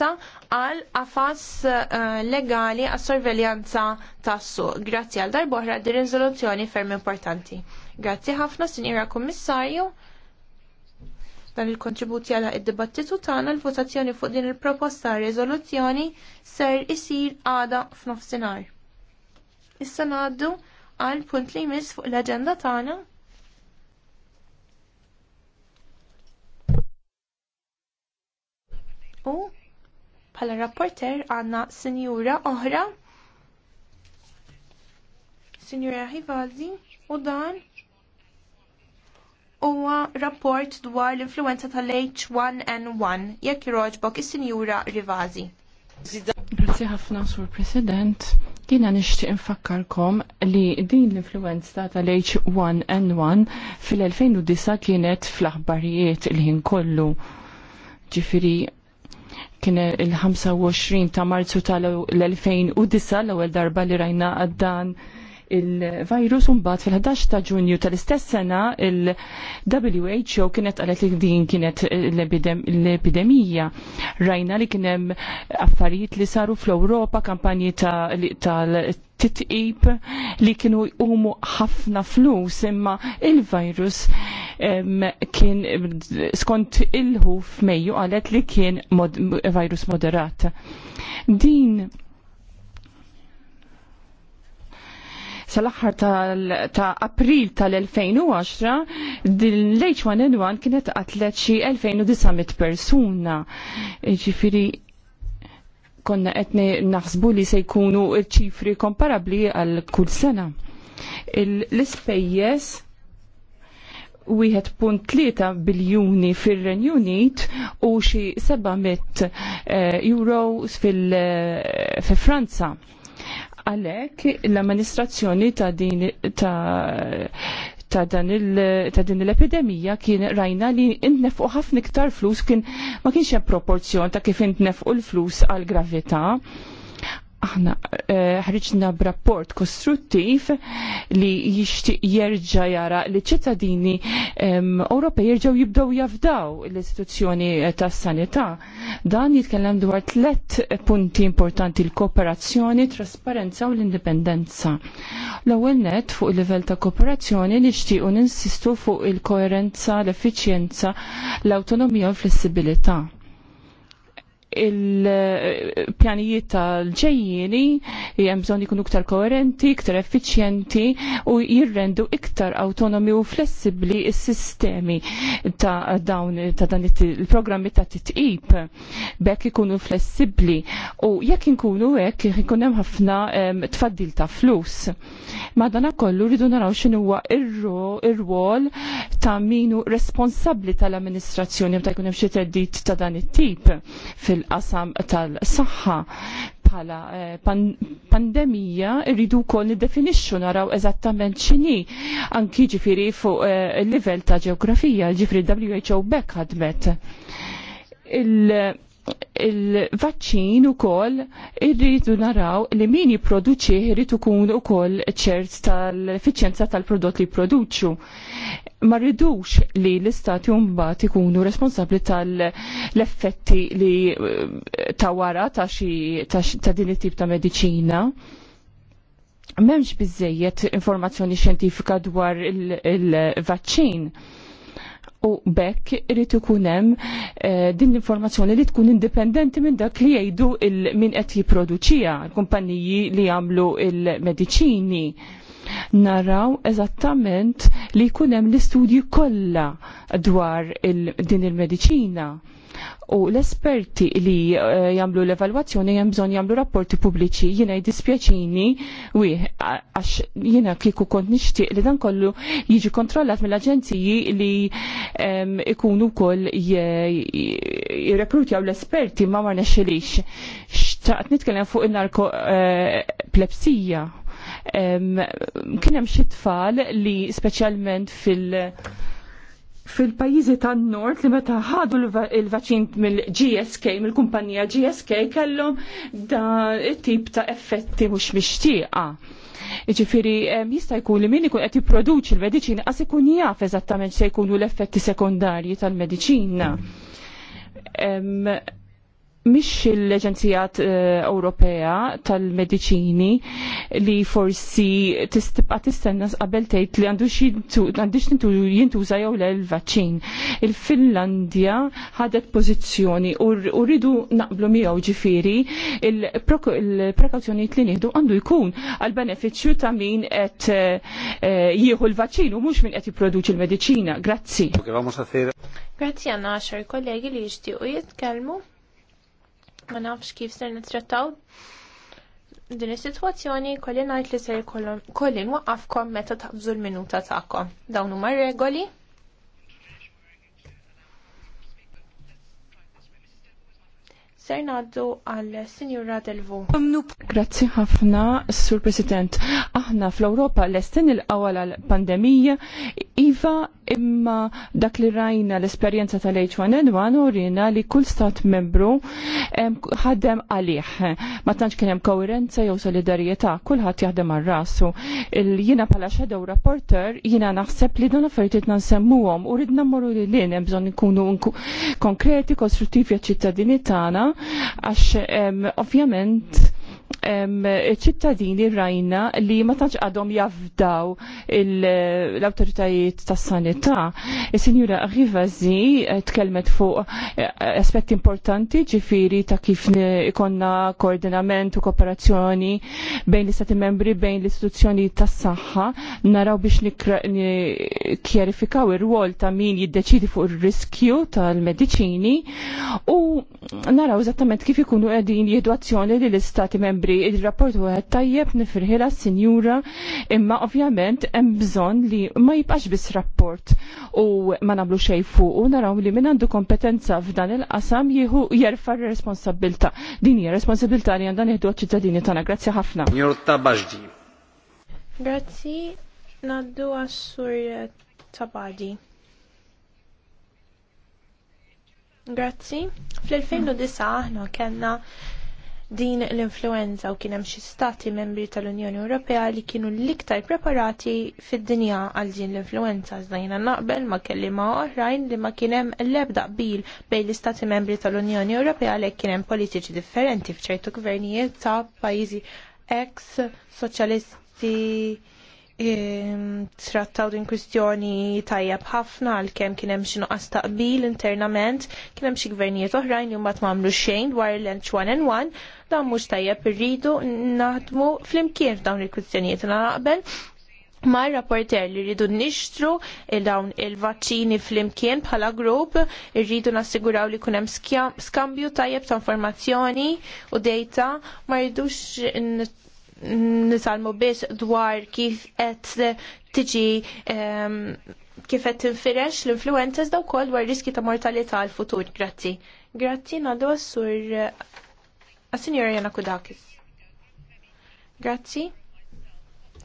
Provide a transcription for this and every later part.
adatta għal qafas eh, legali għas sorveljanza tas-suq. Grazzi għal darbohra di riżoluzzjoni ferm importanti. Grazzi ħafna, sinjera Kommissarju. Dan il-kontributi għala id-dibattitu tagħna l-votazzjoni fuq din il-proposta riżoluzzjoni ser isir għada f'nofsinhar. Issa naddu għal punt li jmiss fuq l agenda tagħna. U Bħala rapporter għanna sinjura oħra, sinjura Hivaldi, u dan huwa rapport dwar l-influenza tal-H1N1 jekk jroġbok is-sinjura Rivazi. Grazzi ħafna, Sur President. Jina nixtieq infakkarkom li din l-influenza tal-H1N1 fil-2009 kienet fl-aħbarijiet li ħin kollu. Ġifiri, kien il-25 ta' marzu tal-2009 l-ewwel darba li rajna għaddan il-virus mbagħad fil-11 ta' Ġunju tal-istess sena il-WHO kienet qalet li din kienet l-epidemija. Rajna li kien hemm affarijiet li saru fl-Ewropa, kampanji tal-titqib li kienu jqumu ħafna flus imma il-virus kien skont ilħu f'Mejju qalet li kien mod, virus moderat. Din sal-axħar ta' april tal-2010 din l-H1N1 kienet qatlet xi 2900 persuna. Ġifiri konna qed naħsbu li se jkunu ċifri komparabbli għal kull sena. L-ispejjeż 1.3 biljuni fil-Renju Unit u xi 700 eh, euros fil-Franza. Eh, Għalek l-amministrazzjoni ta' din ta' ta' dan il, ta' din l-epidemija kien rajna li intnefqu ħafna iktar flus kien ma kienx hemm proporzjon ta' kif intnefqu l-flus għal gravità aħna eh, ħriġna b'rapport kostruttiv li jixtieq jerġa' jara li ċittadini Ewropej jerġgħu jibdew jafdaw l-istituzzjoni eh, tas-sanità. Dan jitkellem dwar tliet punti importanti l-kooperazzjoni, trasparenza u l-indipendenza. L-ewwel net fuq il-livell ta' kooperazzjoni nixtiequ ninsistu fuq il-koerenza, l-effiċjenza, l-awtonomija u l-flessibilità il-pjanijiet tal ġejjini hemm bżonn ikunu iktar koerenti, iktar effiċjenti u jirrendu iktar autonomi u flessibbli s-sistemi ta' dawn ta' dan il-programmi ta' titqib bekk ikunu flessibbli u jekk inkunu hekk ikun hemm ħafna tfaddil ta' flus. Madana kollu rridu naraw x'inhuwa ir-rwol ta' minu responsabbli tal-amministrazzjoni meta jkun hemm xi ta' dan it-tip fil il qasam tal-saħħa bħala eh, pandemija irridu wkoll niddefinixxu naraw eżattament x'inhi anki jiġifieri fuq eh, il-livell ta' ġeografija, ġifieri WHO bekk ħadmet il-vaċċin u kol irridu naraw li min jiproduċi irridu kun u kol ċert tal-efficienza tal-prodott li produċu. Ma rridux li l-istati umbat ikunu responsabli tal-effetti li eh, tawara ta' xi ta' din it-tip ta' medicina. Memx bizzejiet informazzjoni xjentifika dwar il-vaċċin. il, il vaċċin u bekk irid ikun hemm eh, din l-informazzjoni li tkun indipendenti minn dak li jgħidu min qed jipproduċija, l-kumpaniji li jagħmlu il-mediċini. Naraw eżattament li jkun hemm l-istudji kollha dwar din il-mediċina u l-esperti li eh, jamlu l-evalwazzjoni jem bżon jamlu rapporti pubbliċi jina jdispjaċini u għax jina kiku kont nishtiq li dan kollu jiġi kontrollat mill-aġenziji li ikunu kol jirrekrutjaw l-esperti ma marna xelix. Xtaqt nitkellem fuq il-narko eh, plepsija. Kienem tfal li specialment fil- fil-pajizi tan nord li meta ħadu il-vaċin mill-GSK, mill-kumpanija GSK, kellhom da tip ta' effetti mhux mixtieqa. Ġifiri, jista' jkun li min ikun qed jipproduċi l-mediċina qas ikun jaf eżattament se jkunu l-effetti sekundarji tal-mediċina Mhix l-Aġenzija eh, Ewropea tal-Mediċini li forsi tistibqa' tistenna qabel tgħid li għandux jintuża jew le l-vaċċin. Il-Finlandja ħadet pożizzjoni u rridu naqblu miegħu ġifieri il-prekawzjonijiet li nieħdu għandu jkun għal benefiċċju ta' min qed eh, eh, jieħu l-vaċċin u mhux min qed jipproduċi l-mediċina. Grazzi. Grazzi għandna għaxar kollegi li jixtiequ jitkellmu ma nafx kif ser nitrattaw din is-sitwazzjoni kolli ngħid li ser kollin waqafkom meta taqbżu l-minuta tagħkom. Dawn huma regoli Ser naddu għal Sinjura Delvo. Grazzi ħafna, Sur President. Aħna fl-Europa l-estin il-qawal għal pandemija, iva imma dak li rajna l-esperienza tal-H1N1 u rina li kull stat membru ħaddem għalih. Ma tantx kien hemm koerenza jew solidarjetà, kulħadd jaħdem għal rasu. Jiena bħala shadow rapporter jiena naħseb li dan affarijiet nsemmuhom u ridna mmorru li lin hemm bżonn nkunu konkreti, kostruttivi għaċ-ċittadini tagħna għax ovvjament ċittadini rajna li ma tantx għadhom jafdaw l-awtoritajiet tas-sanità. Signora sinjura Rivazi eh, tkellmet fuq eh, aspetti importanti ġifiri ta' kif ikonna koordinament u kooperazzjoni bejn l-istati membri bejn l-istituzzjoni tas-saħħa naraw biex nikjerifikaw ir-rwol ta' min jiddeċidi fuq ir-riskju tal-mediċini u naraw eżattament kif ikunu qegħdin jiedu azzjoni li l-istati membri ġifri, il-rapport u għed tajjeb nifirħila s-sinjura, imma ovvjament hemm bżon li ma jibqax biss rapport u ma nagħmlu xej fuq u naraw li min għandu kompetenza f'dan il-qasam jieħu jerfa' responsabilta. Din hija responsabilta li għandan jihdu ċittadini tagħna. Grazzi ħafna. Grazzi, naddu għassur sur Tabadi. Grazzi. Fl-2009 aħna kellna din l-influenza u kien hemm xi stati membri tal-Unjoni Ewropea li kienu l-iktar preparati fid-dinja għal din l-influenza żdajna naqbel ma' kelliema oħrajn li ma kien hemm l-ebda qbil bejn l-istati membri tal-Unjoni Ewropea li kien hemm politiċi differenti f'ċertu gvernijiet ta' pajjiżi ex soċjalisti trattaw din kwistjoni tajjeb ħafna għal kem kienem xinu qbil internament, kienem xie gvernijiet oħrajn li mbagħad m'għamlu xejn dwar l-H1N1, dan mhux tajjeb irridu naħdmu flimkien f'dawn il-kwistjonijiet naqbel ma' rapporter li rridu nixtru dawn il-vaċċini flimkien bħala grupp, rridu nassiguraw li kunem skambju tajjeb ta' informazzjoni u data ma' rridux nisalmu biss dwar kif qed tiġi ehm, kif qed tinfirex l influenzas daw kol dwar riski ta' mortalità għal futur Grazzi. Grazzi nadu sur għas-Sinjora eh, Jana Kudakis. Grazzi.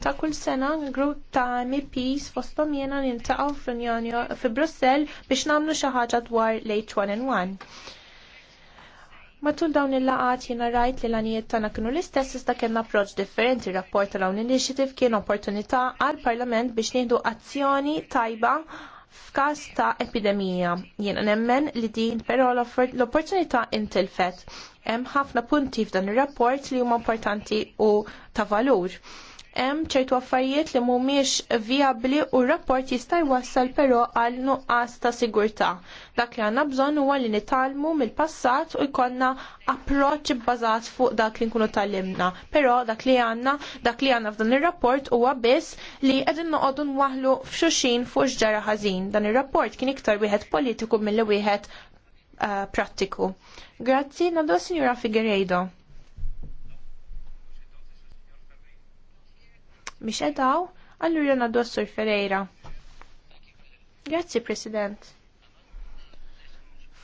Ta' kull sena grupp ta' MPs fostom jena niltaqgħu fi Brussell biex nagħmlu xi ħaġa dwar l-H1N1 Matul dawn il-laqat jena rajt li l-għanijiet tana kienu l-istess iżda kellna approċ differenti rapport għal un initiative kien opportunità għal parlament biex nieħdu azzjoni tajba f'każ ta' epidemija. Jiena nemmen li din però l-opportunità intilfet. Hemm ħafna punti f'dan ir-rapport li huma importanti u ta' valur hemm ċertu affarijiet li mhumiex viabli u r-rapport jista' jwassal però għal nuqqas ta' sigurtà. Dak li għandna bżonn huwa li nitalmu mill-passat u jkollna approċċ bbażat fuq dak li nkunu tallimna. Però dak li għandna dak li għandna f'dan ir-rapport huwa biss li qegħdin noqogħdu nwaħlu f'xuxin fuq x'ġara ħażin. Dan ir-rapport kien iktar wieħed politiku milli wieħed uh, prattiku. Grazzi, nadu Signora Figueiredo. Mhix edaw, allura ngħaddu s-Sur Ferreira. Grazzi, President.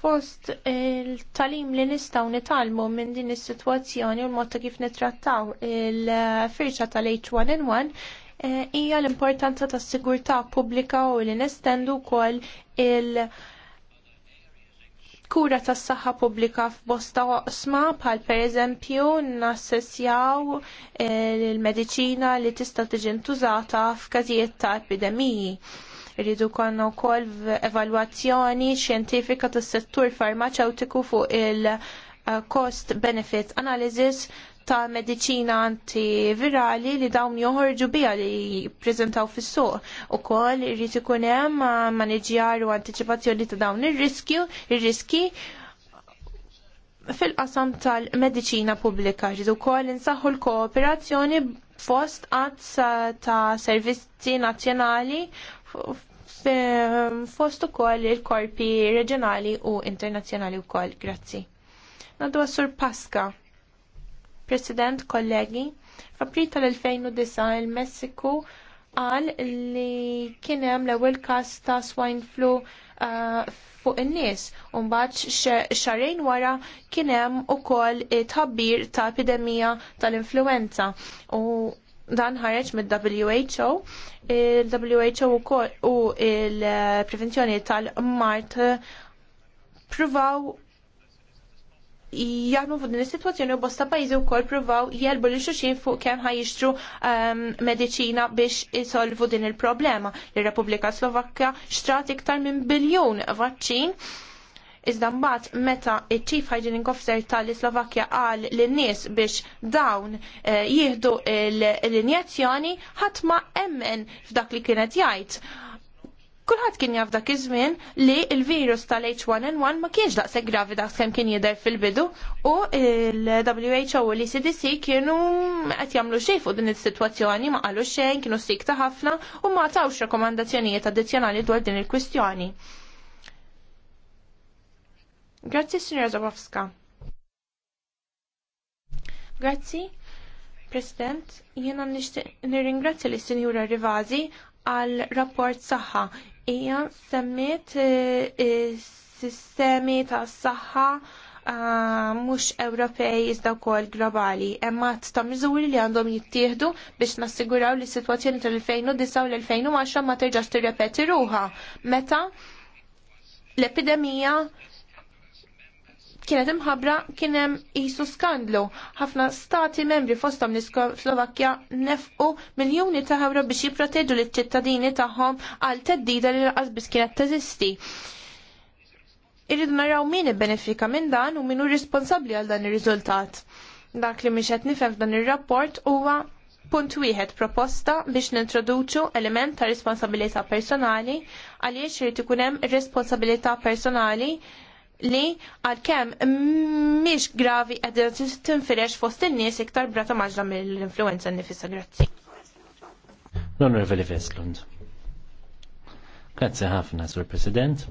Fost il-talim li nistaw nitalmu minn din is-sitwazzjoni u l motta ta' kif nitrattaw il-firxa tal-H1N1 eh, hija l-importanza tas sigurtà pubblika u li nestendu wkoll il- kura tas saħħa pubblika f'bosta oqsma bħal pereżempju nassessjaw eh, il-mediċina li tista' tiġi ntużata f'każijiet ta' epidemiji. Irridu konna wkoll evalwazzjoni xjentifika tas-settur farmaceutiku fuq il- eh, cost benefit analysis ta' medicina antivirali li dawn joħorġu biha li jippreżentaw fis-suq ukoll irid ikun hemm ah, maniġjar u antiċipazzjoni ta' dawn ir-riskju, ir-riski fil-qasam tal-medicina pubblika ġidu ukoll insaħħu l-kooperazzjoni fost għazz ah, ta' servizzi nazzjonali fost ukoll il-korpi reġjonali u internazzjonali wkoll. Grazzi. Nadu għas-Sur Paska. President, kollegi, f'April tal-2009 il-Messiku qal li kien hemm l-ewwel każ ta' swine flu uh, fuq in-nies u mbagħad xarejn wara kien hemm ukoll tħabbir ta' epidemija tal-influenza u dan ħareġ mid-WHO, il-WHO u il-prevenzjoni tal-mart pruvaw jaħdmu fuq din is-sitwazzjoni u bosta pajjiżi wkoll pruvaw jelbu li xuxin fuq kemm ħajjixtru um, mediċina biex isolvu din il-problema. il repubblika Slovakka xtrat iktar minn biljun vaċċin. Iżda mbagħad meta iċ-Chief Hygienic Officer tal-Slovakkja qal lin-nies biex dawn eh, jieħdu l-injezzjoni ħadd ma emmen f'dak li kienet jgħid Kulħadd kien jaf dak iż-żmien li l-virus tal-H1N1 ma kienx daqshekk gravi daqskemm kien jidher fil-bidu u l-WHO u l-ECDC kienu qed jagħmlu xejn fuq din is-sitwazzjoni ma qalu xejn, kienu sikta ħafna u ma tawx rakkomandazzjonijiet addizzjonali dwar din il-kwistjoni. Grazzi, Signor Zabowska. Grazzi. President, nishti nirringrazzja lis sinjura Rivazi għal rapport saħħa hija semmiet e, e, sistemi ta' saħħa mhux Ewropej iżda wkoll globali. Imma ta' miżuri li għandhom jittieħdu biex nassiguraw li s-sitwazzjoni tal-2009 u l-2010 ma terġax tirrepeti ruha. Meta l-epidemija kienet imħabra kien hemm qisu skandlu. Ħafna stati membri fostom l-Slovakkja nefqu miljuni ta' euro biex jipproteġu l-ċittadini tagħhom għal teddida li laqas biss kienet teżisti. Irridu naraw min ibbenefika minn dan u min hu responsabbli għal dan ir-riżultat. Dak li mhix qed nifhem f'dan ir-rapport huwa Punt wieħed proposta biex nintroduċu element ta' responsabilità personali għaliex irid ikun hemm responsabilità personali li għalkemm mhix gravi t tinfirex fost in-nies iktar brata maġla mill-influenza n-nifissa grazzi. L-Onorevoli Veslund. Grazzi ħafna, Sur President.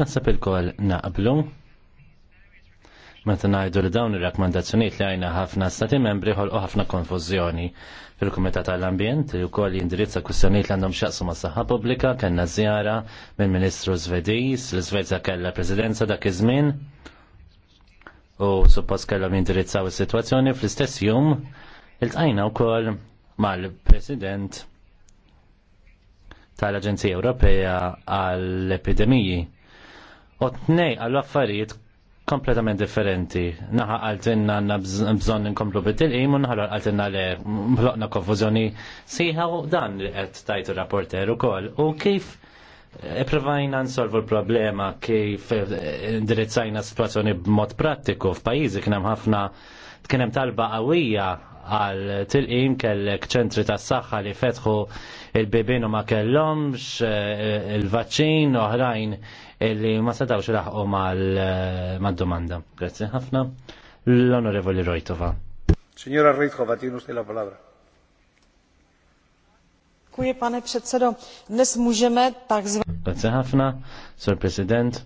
Nasab il-kol naqblu Meta ngħidu li dawn ir-rakkomandazzjonijiet li għajna ħafna stati membri ħolqu ħafna konfużjoni fil-Kumitat tal-Ambjent li wkoll jindirizza kwistjonijiet li għandhom xaqsu ma' saħħa pubblika kellna żjara mill-Ministru Żvediż l-Svezja kellha Presidenza dak iż-żmien u suppost kellhom jindirizzaw is-sitwazzjoni fl-istess jum iltqajna wkoll mal-President tal-Aġenzija Ewropea għall-Epidemiji. U għall affarijiet kompletament differenti. Naħa għaltinna għanna bżon nkomplu bit-tilqim u għaltinna le mħloqna konfuzjoni siħa u dan li għed tajtu rapporter u U kif Iprovajna eh, nsolvu l-problema kif eh, indirizzajna situazzjoni b'mod prattiku f'pajjiżi kien hemm ħafna kien hemm talba qawwija għal tilqim kellek ċentri tas saħħa li fetħu il bibinu ma kellhomx eh, il-vaċċin oħrajn li ma sadawx laħqu eh, mal-domanda. Grazie ħafna. L-Onorevoli Rojtova. Signora Rojtova, tienu usted la palabra. Dziękuję, panie przedsedo. Dnes můžeme tak zwane... ħafna, sur president.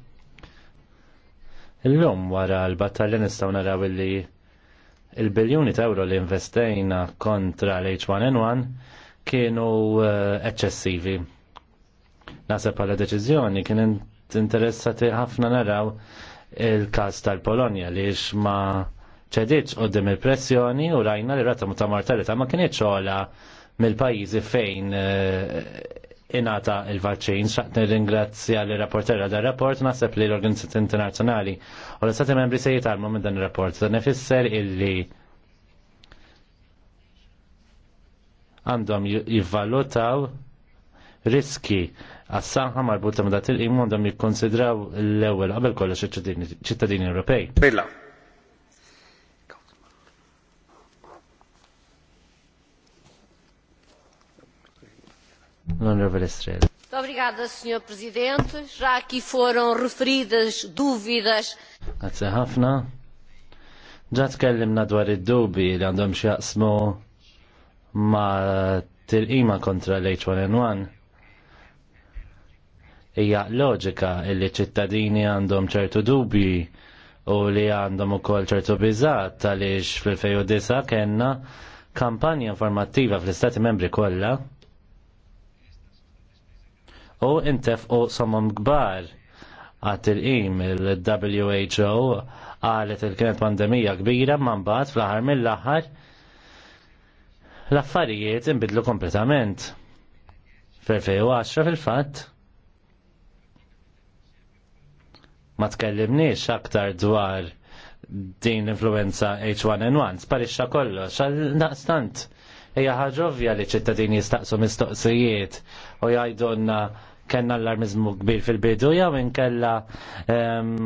L-lum wara l-battalja nistaw naraw li il-biljoni ta' euro li investejna kontra l-H1N1 kienu eccessivi. Eh, Nasab għala deċizjoni kien interessati ħafna naraw il-kas tal-Polonja li ma ċediċ dim il-pressjoni u rajna li rata ta' mortalità ma kienieċ ola mill-pajizi fejn eh, inata il-vaċċin. Xaqt nirringrazzja li rapportera dar rapport naħseb li l-Organizzazzjoni Internazzjonali u l-Istati Membri se jitalmu minn dan ir-rapport. Dan ifisser illi għandhom jivvalutaw riski għas-sanħa marbuta ma' dat il-qim għandhom jikkonsidraw l-ewwel qabel kollox ċittadini Ewropej. Bella. Onorevole Estrela. Muito obrigada, Sr. Presidente. Já aqui foram referidas dúvidas. Grazie ħafna. Ġa tkellimna dwar id-dubi li għandhom xjaqsmu ma' tilqima kontra l-H1N1 hija loġika li ċittadini għandhom ċertu dubji u li għandhom ukoll ċertu biżat għaliex fil-2009 kellna kampanja informattiva fl-Istati membri kollha u intef u somom gbar għat il im il-WHO għalet il-kienet pandemija kbira man bat fl-ħar mill-ħar l-affarijiet imbidlu kompletament. Fil-2010 fil-fatt ma tkellimniex aktar dwar din influenza H1N1, sparixxa kollox, għal naqstant. Hija ħaġa ovvja li ċittadini jistaqsu mistoqsijiet u jgħidulna kellna allarmizmu kbir fil-bidu jew inkella ehm,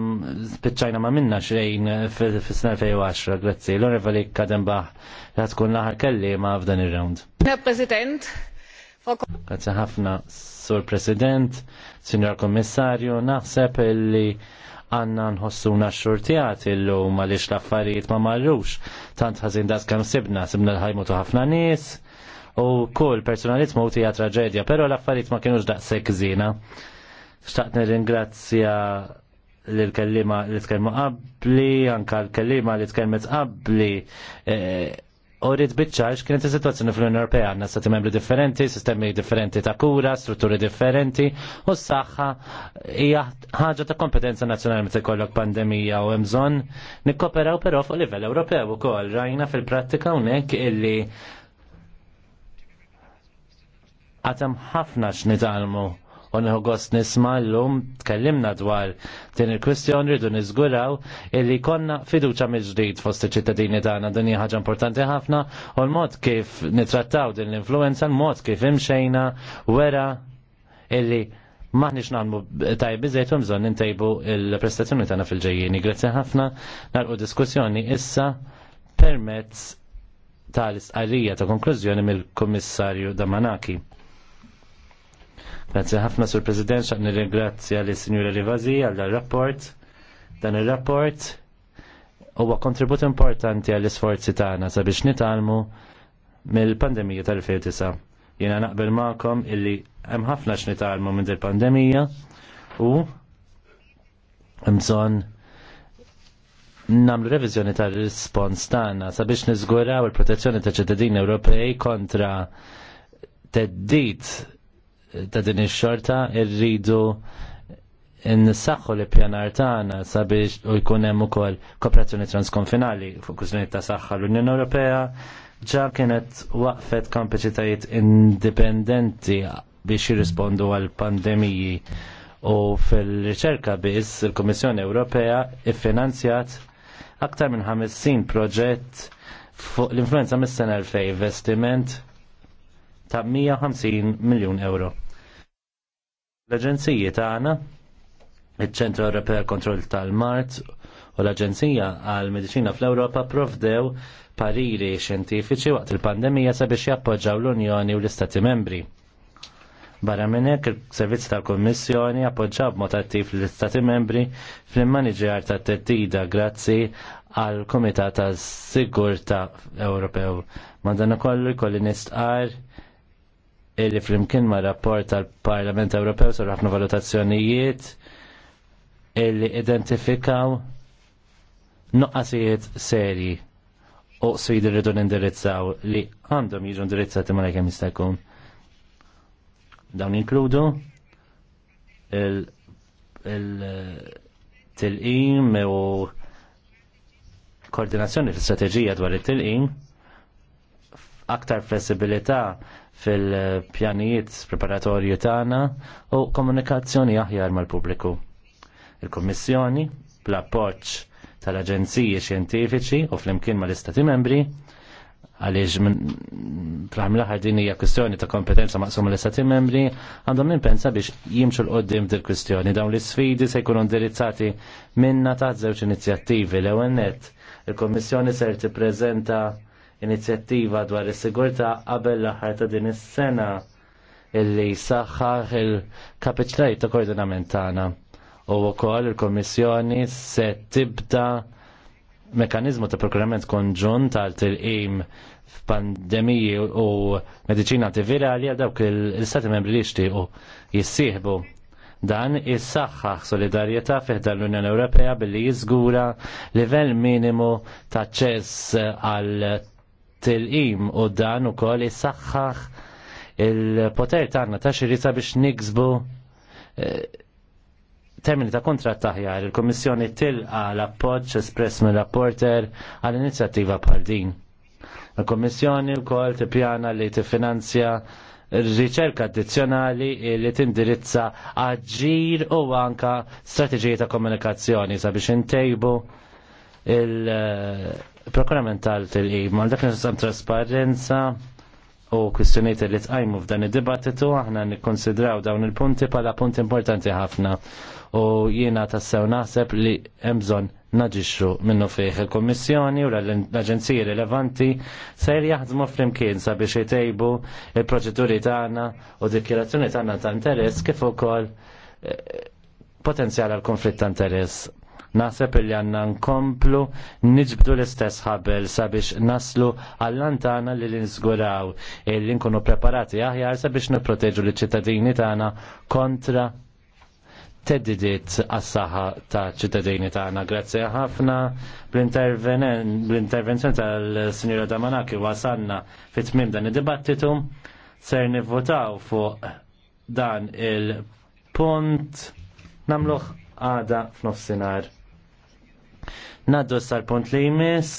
spiċċajna ma minna xejn fis-sena 2010, grazzi. l kadem baħ li tkun l-aħħar kelli ma f'dan ir-round. President, Grazie ħafna, Sur President, Signor Kommissarju, naħseb illi għanna nħossuna xurtijat illum għaliex l-affarijiet ma marrux. Tant ħażin das kemm sibna, sibna l-ħajmutu ħafna nies u kull personalizm u tija traġedja, pero l-affarijiet ma kienux daqshekk żina. Xtaqt nirringrazzja l-kellima li tkellmu qabli, anka l-kellima li tkellmet qabli eh, U rrid bitċarx kienet il-situazzjoni fl-Unjoni Ewropea għandna stati membri differenti, sistemi differenti ta' kura, strutturi differenti, u s-saħħa hija ħaġa ta' kompetenza nazzjonali meta jkollok pandemija u hemm bżonn nikkoperaw però fuq livell Ewropew ukoll rajna fil-prattika hawnhekk illi għatem ħafna x'nitalmu Unħu għost nisma l-lum tkellimna dwar din il kwestjoni rridu nizguraw illi konna fiduċa mill-ġdid fost iċ-ċittadini tagħna din hija ħaġa importanti ħafna u l-mod kif nitrattaw din l-influenza, l-mod kif imxejna wera illi maħniċ nagħmlu tajb iżejt u bżonn intejbu il-prestazzjoni tagħna fil ġejjini Grazzi ħafna narqu diskussjoni issa permezz tal isqarrija ta' konklużjoni mill-Kummissarju Damanaki. Grazie ħafna sur President, xaq nirringrazzja li Sinjura Rivazi għal rapport Dan il-rapport huwa kontribut importanti għall isforzi tagħna sabiex nitalmu mill-pandemija tal-2009. Jiena naqbel magħkom illi hemm ħafna x'nitalmu minn il-pandemija u hemm bżonn nagħmlu reviżjoni tal-rispons tagħna sabiex niżguraw il-protezzjoni ta' ċittadini Ewropej kontra teddit ta' din ix-xorta rridu n-saxħu li pjanar tagħna sabiex u jkun hemm ukoll kooperazzjoni transkonfinali fuq kwistjoni ta' saħħa l-Unjoni Ewropea ġa kienet waqfet kampaċitajiet indipendenti biex jirrispondu għal pandemiji u fil-riċerka biss il komissjoni Ewropea iffinanzjat aktar minn 50 proġett fuq l-influenza mis-sena l-fej investiment ta' 150 miljun euro. L-Aġenziji tagħna, iċ-Ċentru Ewropew Kontroll tal-Mart u l-Aġenzija għal Mediċina fl-Ewropa provdew pariri xjentifiċi waqt il-pandemija sabiex jappoġġaw l-Unjoni u l-Istati Membri. Barra minn hekk il-servizz tal-Kummissjoni appoġġaw b'mod attiv l-Istati Membri fl-immaniġjar ta' tettida grazzi għal Komitat tas Sigurta Ewropew. Madana kollu jkolli nistqar illi flimkien ma' rapport tal-Parlament Ewropew sar ħafna valutazzjonijiet illi identifikaw noqqasijiet serji u sfidi rridu nindirizzaw li għandhom jiġu indirizzati ma' kemm jista' jkun. Dawn inkludu il-tilqim u koordinazzjoni fil-strateġija dwar it-tilqim aktar flessibilità fil-pjanijiet preparatorju tagħna u komunikazzjoni aħjar mal-pubbliku. Il-Kummissjoni, bl-appoġġ tal-Aġenziji Xjentifiċi u flimkien mal-Istati Membri, għaliex fl l-aħħar din hija kwistjoni ta' kompetenza maqsum l-Istati Membri, għandhom nimpensa biex jimxu l-qoddim dil kwistjoni dawn l-isfidi se jkunu indirizzati minna ta' żewġ inizjattivi l-ewwel Il-Kommissjoni ser tippreżenta inizjattiva dwar is-sigurtà qabel l-aħħar ta' din is-sena illi saħħaħ il-kapiċlajt ta' koordinament tagħna. U wkoll il kummissjoni se tibda mekanizmu ta' programment konġunt tal tilqim f'pandemiji u mediċina antivirali għal dawk il-stati membri li jixtiequ jissieħbu dan is-saħħaħ solidarjetà fiħda l-Unjoni Ewropea billi jiżgura livell minimu ta' ċess għal tilqim u dan ukoll jissaxħax il-poter tagħna ta' xirita biex niksbu eh, termini ta' kontrat taħjar il-Kommissjoni tilqa l-appoġġ espress mill-rapporter għall-inizjattiva bħal din. Il-Kommissjoni wkoll tippjana li tiffinanzja riċerka addizzjonali li tindirizza aġġir u anka strateġiji ta' komunikazzjoni sabiex intejbu il- prokurament tal ma għal dak nisam trasparenza u kwistjoniet li tqajmu f'dan id-dibattitu aħna nikkonsidraw dawn il-punti pala punti importanti ħafna u jiena tassew naħseb li hemm bżonn naġixxu minnu fih il-Kommissjoni u l-Aġenziji rilevanti se jaħdmu flimkien sabiex jtejbu il-proċeduri tagħna u dikjerazzjoni tagħna ta' interess kif ukoll eh, potenzjal għal konflitt ta' interess. Naħseb li għanna nkomplu niġbdu l-istess ħabel sabiex naslu għall-antana li l-insguraw li nkunu preparati aħjar sabiex nipproteġu l-ċittadini tagħna kontra teddidiet għas-saħħa ta' ċittadini tagħna. Grazzi ħafna bl-intervenzjoni tal-Sinjura Damanaki wasanna fit tmim dan id-dibattitu ser nivvotaw fuq dan il-punt namluħ għada f'nofsinhar. Naddu sar punt li jmiss.